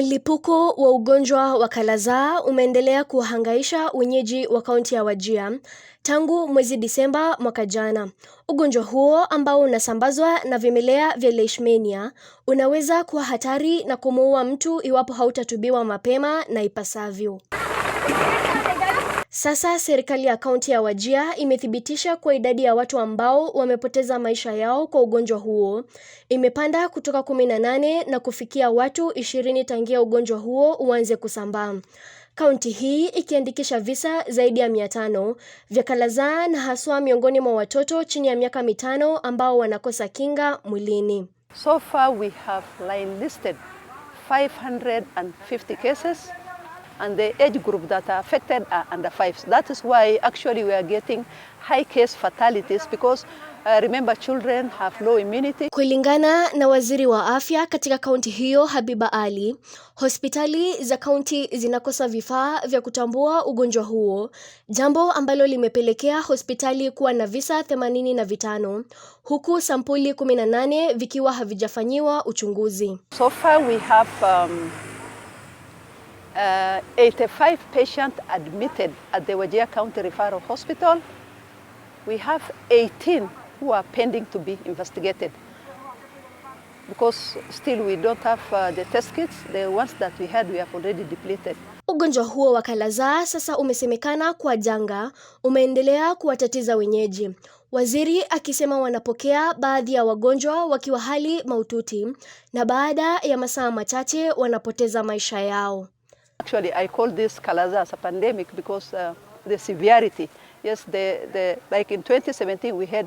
Mlipuko wa ugonjwa wa kalazaa umeendelea kuwahangaisha wenyeji wa kaunti ya Wajir tangu mwezi Disemba mwaka jana. Ugonjwa huo ambao unasambazwa na vimelea vya Leishmania unaweza kuwa hatari na kumuua mtu iwapo hautatibiwa mapema na ipasavyo. Sasa serikali ya kaunti ya Wajia imethibitisha kuwa idadi ya watu ambao wamepoteza maisha yao kwa ugonjwa huo imepanda kutoka 18 na kufikia watu 20 tangia ugonjwa huo uanze kusambaa. Kaunti hii ikiandikisha visa zaidi ya mia tano vya kalazaa na haswa miongoni mwa watoto chini ya miaka mitano ambao wanakosa kinga mwilini. So far we have listed 550 cases and the age group that are affected are under fives. That is why actually we are getting high case fatalities because Uh, remember children have low immunity. Kulingana na waziri wa afya katika kaunti hiyo Habiba Ali, hospitali za kaunti zinakosa vifaa vya kutambua ugonjwa huo, jambo ambalo limepelekea hospitali kuwa na visa themanini na vitano huku sampuli 18 vikiwa havijafanyiwa uchunguzi. So far we have, um, uh, 85 patients admitted at the Wajir County Referral Hospital. We have 18 who are pending to be investigated because still we don't have uh, the test kits. The ones that we had we have already depleted. Ugonjwa huo wa kalazaa sasa umesemekana kwa janga umeendelea kuwatatiza wenyeji. Waziri akisema wanapokea baadhi ya wagonjwa wakiwa hali mahututi na baada ya masaa machache wanapoteza maisha yao. Actually, I call this Calaza as a pandemic because uh, the severity. Yes, the, the, like in 2017, we had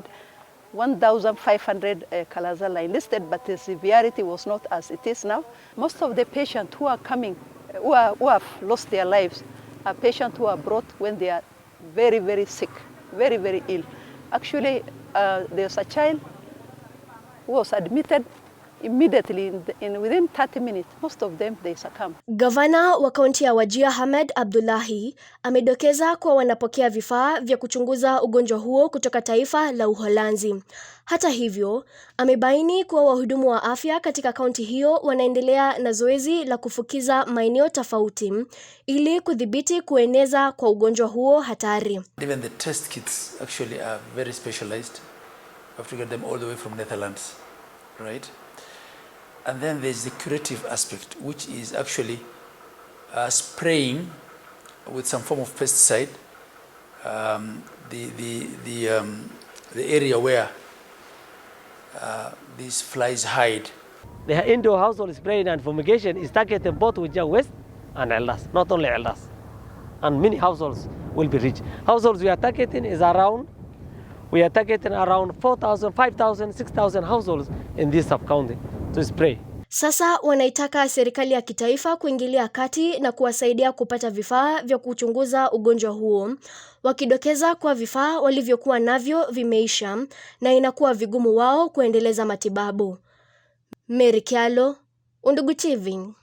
1,500 uh, Kalazala enlisted, but the severity was not as it is now. Most of the patients who are coming, who, are, who have lost their lives, are patients who are brought when they are very, very sick, very, very ill. Actually, uh, there's a child who was admitted immediately in, the, in within 30 minutes most of them they succumb. Gavana wa kaunti ya Wajir Ahmed Abdullahi amedokeza kuwa wanapokea vifaa vya kuchunguza ugonjwa huo kutoka taifa la Uholanzi. Hata hivyo, amebaini kuwa wahudumu wa afya katika kaunti hiyo wanaendelea na zoezi la kufukiza maeneo tofauti ili kudhibiti kueneza kwa ugonjwa huo hatari. Even the test kits actually are very specialized. You have to get them all the way from Netherlands, right? And then there's the curative aspect, which is actually uh, spraying with some form of pesticide um, the, the, the, um, the area where uh, these flies hide. The indoor household spraying and fumigation is targeted both with West and elders, not only elders. And many households will be reached. Households we are targeting is around, we are targeting around 4,000, 5,000, 6,000 households in this sub-county. tuspray. Sasa wanaitaka serikali ya kitaifa kuingilia kati na kuwasaidia kupata vifaa vya kuchunguza ugonjwa huo, wakidokeza kuwa vifaa walivyokuwa navyo vimeisha na inakuwa vigumu wao kuendeleza matibabu. Mary Kyalo, Undugu TV.